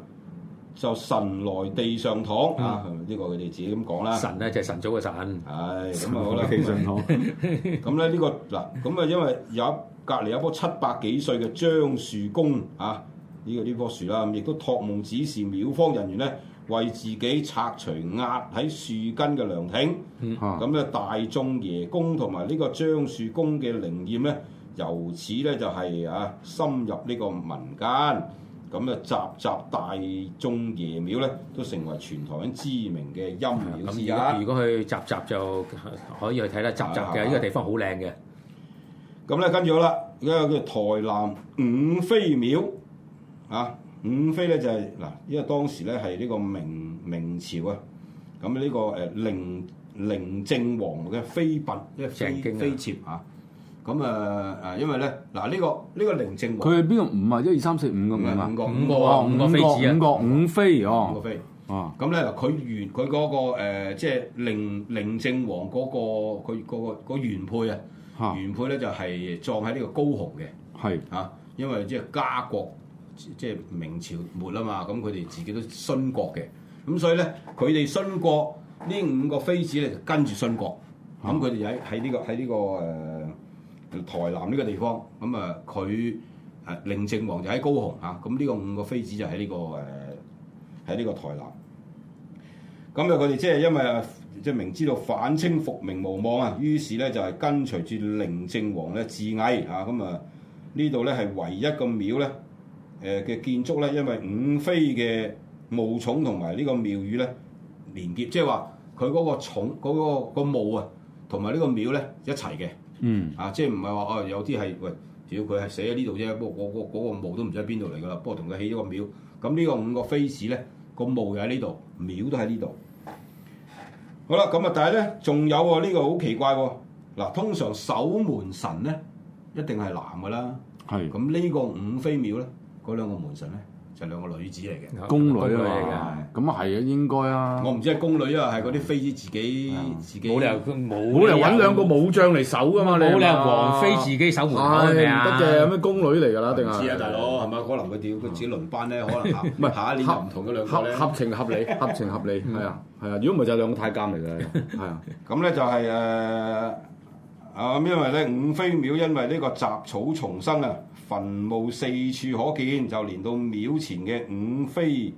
[SPEAKER 1] 就神來地上堂，嗯、啊！呢、這個佢哋自己咁講啦。神咧就係、神祖嘅神，係咁啊好啦。地上堂。咁咧呢個嗱咁啊，因為有隔離有棵七百幾歲嘅樟樹公啊！呢個呢棵樹啦，亦、啊、都託夢指示廟方人員咧，為自己拆除壓喺樹根嘅涼亭。咁咧、嗯啊、大眾爺公同埋呢個樟樹公嘅靈驗咧，由此咧就係、係、啊深入呢個民間。咁啊，集集大眾爺廟咧，都成為全台灣嘅知名嘅陰廟之一，嗯。如
[SPEAKER 2] 果去集集，就可以去睇啦，集集嘅呢個地方好靚嘅。
[SPEAKER 1] 咁咧、嗯，跟住好啦，而家叫台南五妃廟啊，五妃咧就係、是、嗱，因為當時咧係呢個明明朝啊，咁、這、呢個誒寧寧靖王嘅妃嬪，妃正經啊。妃咁啊，誒、嗯，因為咧，嗱、這、呢個呢、這個寧靖王佢係
[SPEAKER 3] 邊個五啊？一二三四五個五啊，五個啊，就是、五個妃子啊，五五妃啊。五個
[SPEAKER 1] 妃哦，咁咧佢原佢嗰個誒，即係寧寧靖王嗰個佢個個原配啊，原配咧就係葬喺呢個高雄嘅。係啊，因為即係家國即係明朝末啊嘛，咁佢哋自己都殉國嘅，咁所以咧佢哋殉國呢五個妃子咧就跟住殉國，咁佢哋喺喺呢個喺呢、這個誒。台南呢個地方，咁啊佢啊寧靖王就喺高雄嚇，咁呢個五個妃子就喺呢、這個誒喺呢個台南。咁啊佢哋即係因為即係、就是、明知道反清復明無望啊，於是咧就係跟隨住寧靖王咧自縊嚇。咁啊呢度咧係唯一個廟咧誒嘅建築咧，因為五妃嘅墓塚同埋呢個廟宇咧連結，即係話佢嗰個塚嗰墓啊同埋呢個廟咧一齊嘅。嗯，啊，即係唔係話哦，有啲係喂，主佢係寫喺呢度啫，那個那個、不過嗰嗰個墓都唔知喺邊度嚟噶啦，不過同佢起咗個廟，咁呢個五個妃子咧，個墓又喺呢度，廟都喺呢度。好啦，咁啊，但係咧，仲有喎呢、呢個好奇怪喎，嗱，通常守門神咧一定係男噶啦，係，咁呢個五妃廟咧，嗰兩個門神咧。就兩個女子嚟嘅，
[SPEAKER 3] 宮女嚟嘅，咁啊係啊，應該啊。我唔知係宮女啊，係嗰啲妃子自己自己。冇理由，冇理由揾兩個武將嚟守噶嘛？冇理由，王妃自己守門口咩？唔得嘅，有咩宮女嚟㗎啦？定係？唔知啊，大佬係咪？
[SPEAKER 1] 可能佢哋佢自己輪班咧？可能下一年唔同嗰兩個，合
[SPEAKER 3] 情合理，合情合理係啊係啊。如果唔係就兩個太監嚟㗎，係啊。咁咧就係誒
[SPEAKER 1] 啊，因為咧五妃廟因為呢個雜草叢生啊。墳墓四處可見，就連到廟前嘅五妃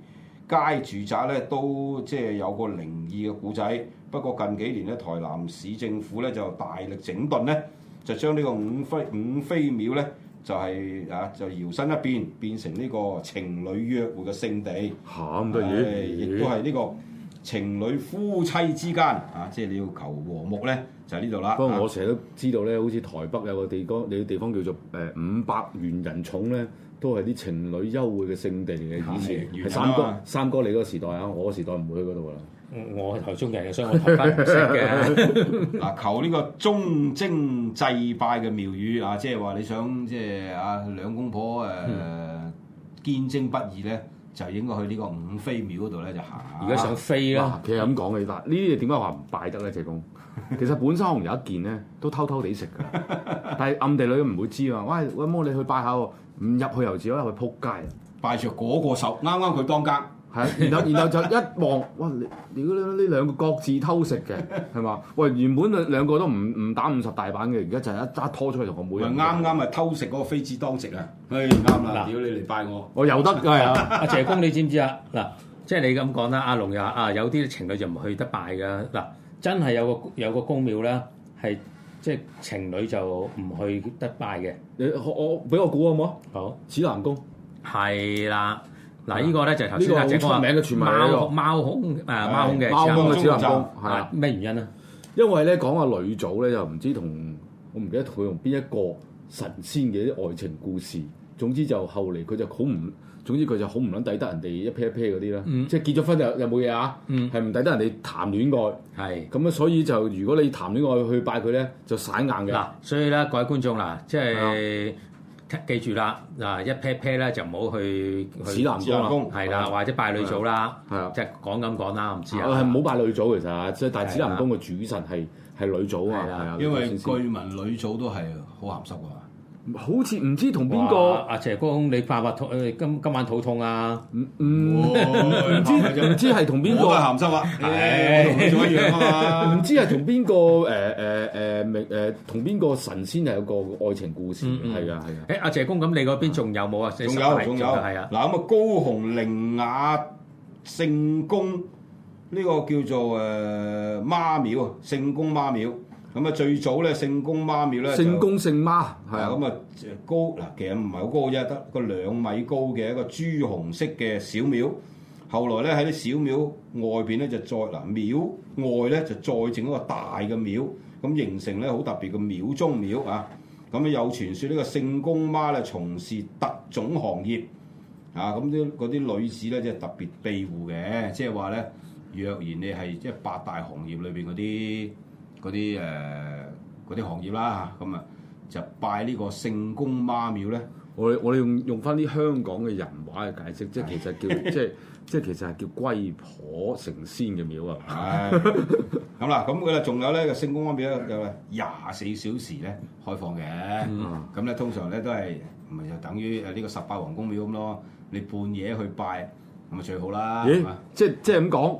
[SPEAKER 1] 街住宅咧，都即係有個靈異嘅故仔。不過近幾年咧，台南市政府咧就大力整頓咧，就將呢個五妃五妃廟咧，就係、是、啊就搖身一變，變成呢個情侶約會嘅聖地。鹹得嘢，亦都係呢個。情侶夫妻之間啊，即係你要求和睦咧，
[SPEAKER 3] 就係呢度啦。不過我成日都知道咧，啊、好似台北有個地方，你個地方叫做誒五百元人寵咧，都係啲情侶幽會嘅聖地嚟嘅。以前來三哥，三哥你嗰個時代，時代 [music] [laughs] 個啊，我個時代唔會去嗰度啦。我頭先嘅，所以我台家嘅。
[SPEAKER 1] 嗱，求呢個忠貞祭拜嘅廟宇啊，即係話你想即係啊兩公婆誒堅貞不易咧。呢就應該去呢個五妃廟嗰度咧就行。而家想飛啦、啊，其
[SPEAKER 3] 實咁講嘅，但係呢啲點解話唔拜得咧？謝公，其實本身我有一件咧，都偷偷地食嘅，但係暗地裏唔會知啊。喂，我、嗯、摸你去拜一下喎，唔入去又只可以去撲街。拜著嗰個手，啱啱佢當家。係、啊，然後然後就一望，哇！屌你，呢兩個各自偷食嘅，係嘛？喂，原本兩兩個都唔唔打五十大板嘅，而家就一一拖出去同我妹，妹，啱啱咪偷食嗰個妃子當
[SPEAKER 1] 食啊！係，啱啦，屌嘩你嚟拜我，我又得啊！阿謝、啊、公，
[SPEAKER 3] 你知唔知啊？嗱，即係
[SPEAKER 2] 你咁講啦，阿龍又啊，有啲情侶就唔去得拜噶。嗱，真係有個有個宮廟咧，係即係情侶就唔去得拜嘅。
[SPEAKER 3] 你、嗯、我俾我估好
[SPEAKER 2] 唔好？好，紫蘭宮，係啦的。的嗱，呢個咧就係頭先阿井哥講嘅全貓空貓貓啊，貓空嘅貓空嘅指南宮，係啦。咩原因啊？
[SPEAKER 3] 因為咧講阿呂祖咧，就唔知同我唔記得佢用邊一個神仙嘅啲愛情故事。總之就後嚟佢就好唔，總之佢就好唔撚抵得人哋一撇一撇嗰啲啦。嗯、即係結咗婚就就冇嘢啊。嗯。係唔抵得人哋談戀愛。係是。咁啊，所以就如果你談戀愛去拜佢咧，就散硬嘅。嗱，所以咧，各位
[SPEAKER 2] 觀眾啦，即係。記住啦，嗱一 pair pair 咧就唔好去去指南宮，係啦去，的或者拜呂祖啦，係
[SPEAKER 3] 的啊，即係講咁講啦，唔知啊。係唔好拜呂祖其實啊，即係的但係指南宮嘅主神係係呂祖啊，因為據聞呂祖都係好鹹濕啊。好似唔知同邊
[SPEAKER 1] 個？
[SPEAKER 2] 阿謝、啊、公，你發白痛，今今晚肚痛啊？唔唔
[SPEAKER 3] 唔知唔知係同邊個？鹹濕、 [laughs] 嗯、啊！唔知係同邊個？誒誒誒，誒同邊個神仙係有個愛情故事？係啊係啊！誒阿謝公，咁你嗰邊仲有冇啊？仲有仲有係啊！嗱咁
[SPEAKER 1] 啊，高雄靈雅聖公呢、這個叫做誒、呃、媽廟啊，聖公媽廟。咁啊，最早咧，聖公媽廟咧，聖公
[SPEAKER 3] 聖媽，係啊，咁
[SPEAKER 1] 啊、嗯，高嗱，其實唔係好高啫，得個兩米高嘅一個朱紅色嘅小廟。後來咧，喺啲小廟外邊咧，就再嗱廟外咧，就再整一個大嘅廟，咁形成咧好特別嘅廟中廟啊。咁、嗯、啊，有傳説呢個聖公媽咧，從事特種行業啊，咁啲啲女子咧，即係特別庇護嘅，即係話咧，若然你係即係八大行業裏邊嗰啲。嗰啲誒啲行業啦，咁、嗯、啊就拜呢個聖公媽廟咧。
[SPEAKER 3] 我哋我哋用用翻啲香港嘅人話去解釋， [laughs] 即係其實叫即係即係其實係叫龜婆成仙嘅廟啊。係、 [laughs] 哎，好啦，咁佢啦，仲有咧聖公媽廟
[SPEAKER 1] 咧，有廿四小時咧開放嘅。咁咧、嗯、通常咧都係唔係就等於誒呢個十八王公廟咁咯？你半夜去拜咁咪最好啦。咦、欸？
[SPEAKER 3] 即即係咁講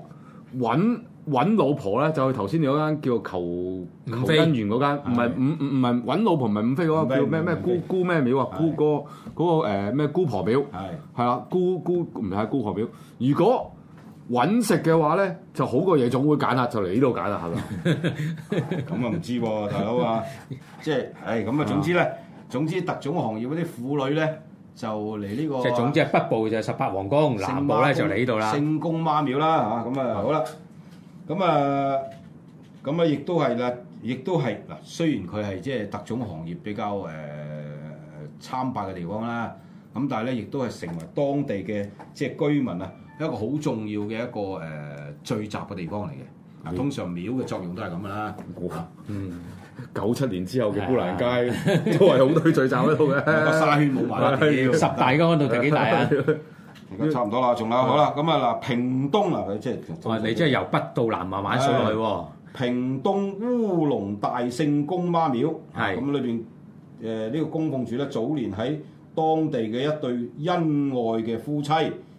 [SPEAKER 3] 揾？揾老婆咧，就去頭先你嗰間叫求求姻緣嗰間，唔係五唔唔係揾老婆唔係五妃嗰個叫咩咩姑姑咩廟啊？姑哥嗰個咩姑婆廟係係啦，姑姑唔係姑婆廟。如果揾食嘅話咧，就好過夜總會揀啦，就嚟呢度揀啦，係啦？咁啊
[SPEAKER 1] 唔知喎，大佬啊，即係
[SPEAKER 3] 唉咁啊，總之
[SPEAKER 1] 咧，總之特種行業嗰啲婦女咧，就嚟呢個即係總之，
[SPEAKER 2] 北部就十八皇宮，南部咧就嚟呢度啦，聖
[SPEAKER 1] 公媽廟啦，嚇咁啊，好啦。咁啊，咁啊、嗯，亦都係啦，亦都係嗱。雖然佢係即係特種行業比較誒參拜嘅地方啦，咁但係咧，亦都係成為當地嘅即係居民啊一個好重要嘅一個誒聚集嘅地方嚟嘅。嗱，通常廟嘅作用都係咁噶啦。嗯，
[SPEAKER 3] 九七年之後嘅烏蘭街都係好多聚集喺度嘅。沙圈舞嘛，要十大嘅嗰度第幾大啊？
[SPEAKER 1] 而家差唔多啦，仲有、嗯、好啦，咁啊嗱，屏東佢即係，啊，你即係由北到南慢慢水去喎。屏是東烏龍大聖公媽廟，咁裏邊誒呢個供奉處咧，早年喺當地嘅一對恩愛嘅夫妻，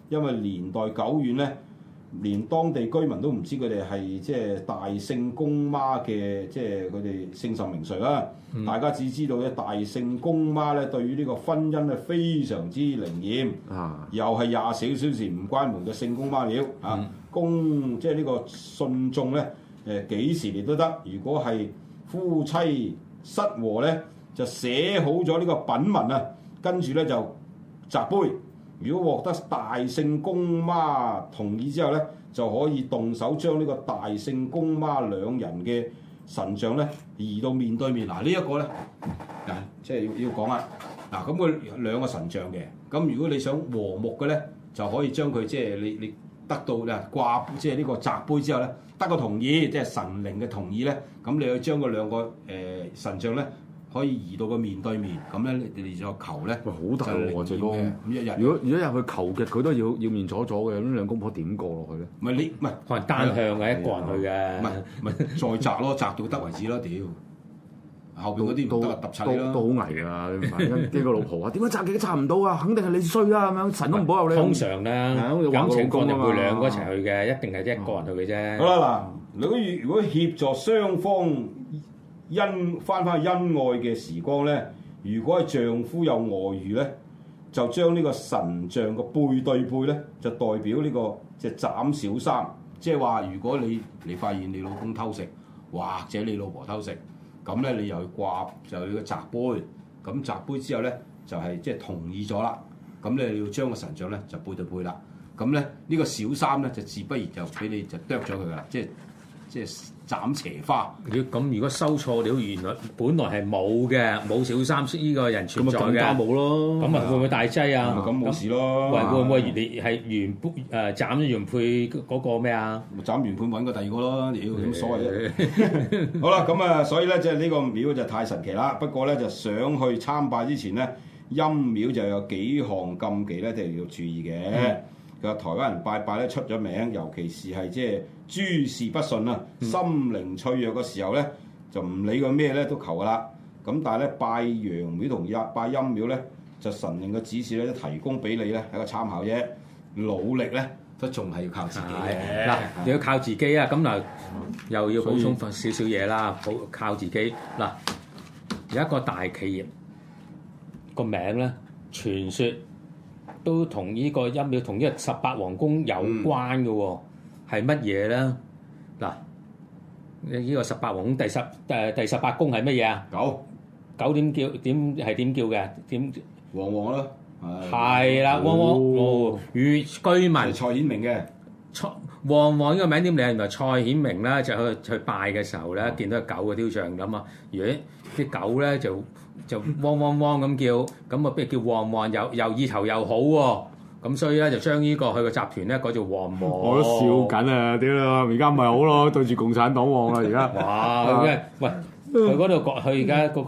[SPEAKER 1] 因為年代久遠咧。連當地居民都唔知佢哋係即係大聖公媽嘅，即係佢哋姓甚名誰啦。大家只知道咧，大聖公媽咧對於呢個婚姻咧非常之靈驗，又係廿四小時唔關門嘅聖公媽了啊公。啊。公即係呢個信眾咧，誒幾時嚟都得。如果係夫妻失和咧，就寫好咗呢個品文啊，跟住咧就擲杯。如果獲得大聖公媽同意之後咧，就可以動手將呢個大聖公媽兩人嘅神像咧移到面對面。嗱、啊，這個、呢一個咧，嗱、啊，即係要要講啦。嗱、啊，咁佢兩個神像嘅，咁、啊、如果你想和睦嘅咧，就可以將佢即係你你得到嗱掛、啊、即係呢個擲杯之後咧，得個同意，即係神靈嘅同意咧，咁你去將佢兩個誒、呃、神像咧。可以移到個面對面，咁咧你哋就求咧，就零點嘅。如果
[SPEAKER 3] 如果入去求嘅，佢都要要面阻阻嘅，咁兩公婆點過落去咧？
[SPEAKER 1] 唔係你唔係可能單向嘅，一個人去嘅。唔係唔係再擲咯，擲到得為止啦。
[SPEAKER 3] 屌後邊嗰啲唔得啊，揼親啦，都好危㗎！跟個老婆啊，點解擲嘅都擲唔到啊！肯定係你衰啦咁樣，神都唔保佑你。通常啦，感情觀唔會兩個一齊
[SPEAKER 2] 去嘅，一定係一個人去嘅啫。好啦
[SPEAKER 3] 嗱，
[SPEAKER 1] 如果如果協助雙方。因翻翻恩愛嘅時光咧，如果係丈夫有外遇咧，就將呢個神像嘅背對背咧，就代表呢個即係斬小三。即係話，如果你你發現你老公偷食，或者你老婆偷食，咁咧你又要掛，就要擲杯。咁擲杯之後咧，就係即係同意咗啦。咁你要將個神像咧就背對背啦。咁咧呢個小三咧就自不然就俾你就剁咗佢啦。即係。即係斬邪花。咁，如果收
[SPEAKER 2] 錯，你好原來本來係冇嘅，冇小三色呢個人全部就咁冇咯。咁啊，會唔會大劑啊？咁冇事咯。喂，會唔會原、呃、你係原配誒斬咗原配
[SPEAKER 1] 嗰個咩啊？斬原配揾個第二個咯，屌， [laughs] [laughs] 咁所謂嘅。好啦，咁啊，所以咧，即係呢個廟就太神奇啦。不過咧，就想去參拜之前咧，陰廟就有幾項禁忌咧，一定要注意嘅。嗯台灣人拜拜咧，出咗名，尤其是係即係諸事不順啊，嗯、心靈脆弱嘅時候咧，就唔理佢咩咧都求㗎啦。咁但係咧，拜陽廟同拜陰廟咧，就神明嘅指示咧都提供俾你咧，係一個參考啫。努力咧，都仲係要靠自己嘅。嗱、啊，啊、你要
[SPEAKER 2] 靠自己啊！咁嗱、啊，又要補充
[SPEAKER 1] 份少少嘢啦，補以
[SPEAKER 2] 靠自己。嗱、啊，有一個大企業個名咧，傳説。都同呢個陰廟同呢個十八皇宮有關嘅喎，係乜嘢咧？嗱，呢、呢個十八皇宮第十誒第十八宮係乜嘢啊？九九點叫點係點叫嘅點？點
[SPEAKER 1] 旺旺咯，係
[SPEAKER 2] 啦的，旺旺與居民蔡衍明嘅。旺旺呢個名點嚟？原來蔡衍明啦，就去、是、去拜嘅時候咧，見到個狗嘅雕像咁啊。咦，啲狗咧就就汪汪汪咁叫，咁啊不如叫旺旺，又又意頭又好喎。咁所以咧就將呢、這個佢個集團咧改做旺旺。我都笑
[SPEAKER 3] 緊啊！屌！啊？而家咪好咯，對住共產黨旺 [laughs] 哇啊！而家哇！喂，
[SPEAKER 2] 佢嗰度佢而家嗰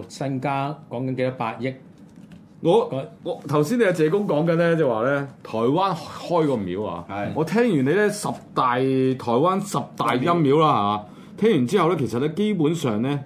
[SPEAKER 2] 個身家講緊幾多百億？
[SPEAKER 3] 我我頭先你阿謝公講緊咧，就話咧台灣開個廟啊，的我聽完你咧十大台灣十大陰廟啦嚇，的聽完之後咧，其實咧基本上咧。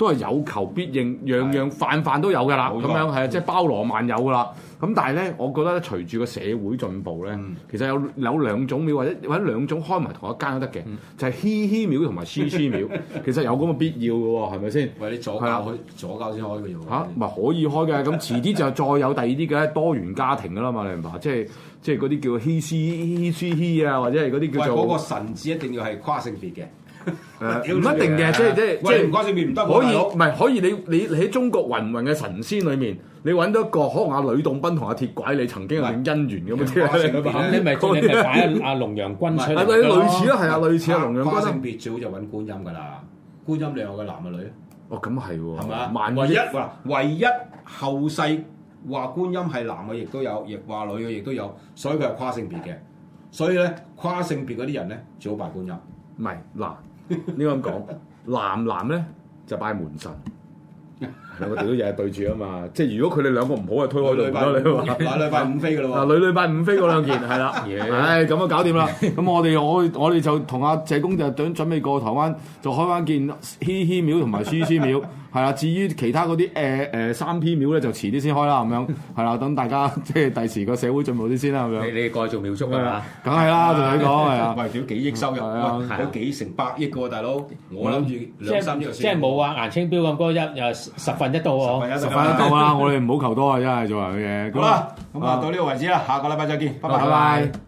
[SPEAKER 3] 都係有求必應，樣樣飯飯都有㗎啦，咁錯樣係啊，即係、就是、包羅萬有㗎啦。咁但係咧，我覺得隨住個社會進步咧，其實有有兩種廟，或者或者兩種開埋同一間都得嘅，就係希希廟同埋 She She 廟。 [laughs] 其實有咁嘅必要㗎喎，係咪先？喂你左膠，啦左膠先開嘅要嚇，唔係、啊、可以開嘅。咁遲啲就再有第二啲嘅多元家庭㗎啦嘛，你明唔明即係即係嗰啲叫希希希希啊，或者係嗰啲叫做嗰、那個神
[SPEAKER 1] 字一定要係跨性別嘅。
[SPEAKER 3] 唔一定嘅，即係即係即係，唔關性別，唔得，可以唔係可以？你你喺中國芸芸嘅神仙裏面，你揾到一個可能阿呂洞賓同阿鐵拐，你曾經有姻緣咁嘅。跨性別，你咪你咪拜阿龍陽君出嚟類似
[SPEAKER 1] 咯，係啊，類似啊。龍陽君性別最好就揾觀音噶啦，觀音你有個男嘅女
[SPEAKER 3] 哦，咁係喎，係嘛？
[SPEAKER 1] 萬唯一唯一後世話觀音係男嘅，亦都有，亦話女嘅，亦都有。所以佢係跨性別嘅。所以
[SPEAKER 3] 咧，跨性別嗰啲人咧，最好拜觀音。唔係嗱。 [laughs] 藍藍呢咁講，男男咧就拜門神。 [laughs] 兩個地都日日對住啊嘛，即係如果佢哋兩個唔好啊，推開咗你話。禮拜禮拜五飛嘅咯喎。女禮拜五飛嗰兩件係啦，唉，咁啊搞掂啦。咁我哋我我哋就同阿謝公就準準備過台灣，就開翻件軒軒廟同埋書書廟，係啦。至於其他嗰啲誒誒三 P 廟咧，就遲啲先開啦咁樣。係啦，等大家即係第時個社會進步啲先啦咁樣。你你改做廟祝係嘛？梗係啦，同你講係啊，為咗幾億收入，有幾成百億嘅喎，大佬。我諗住即係
[SPEAKER 2] 冇啊，顏青標咁高一又十分。得度喎，快得夠啦！我哋唔
[SPEAKER 3] 好求多啊，真係 [laughs] 做人嘅。好啦吧，咁啊、嗯，到呢度為止啦，下個禮拜再見，拜拜。拜拜拜拜。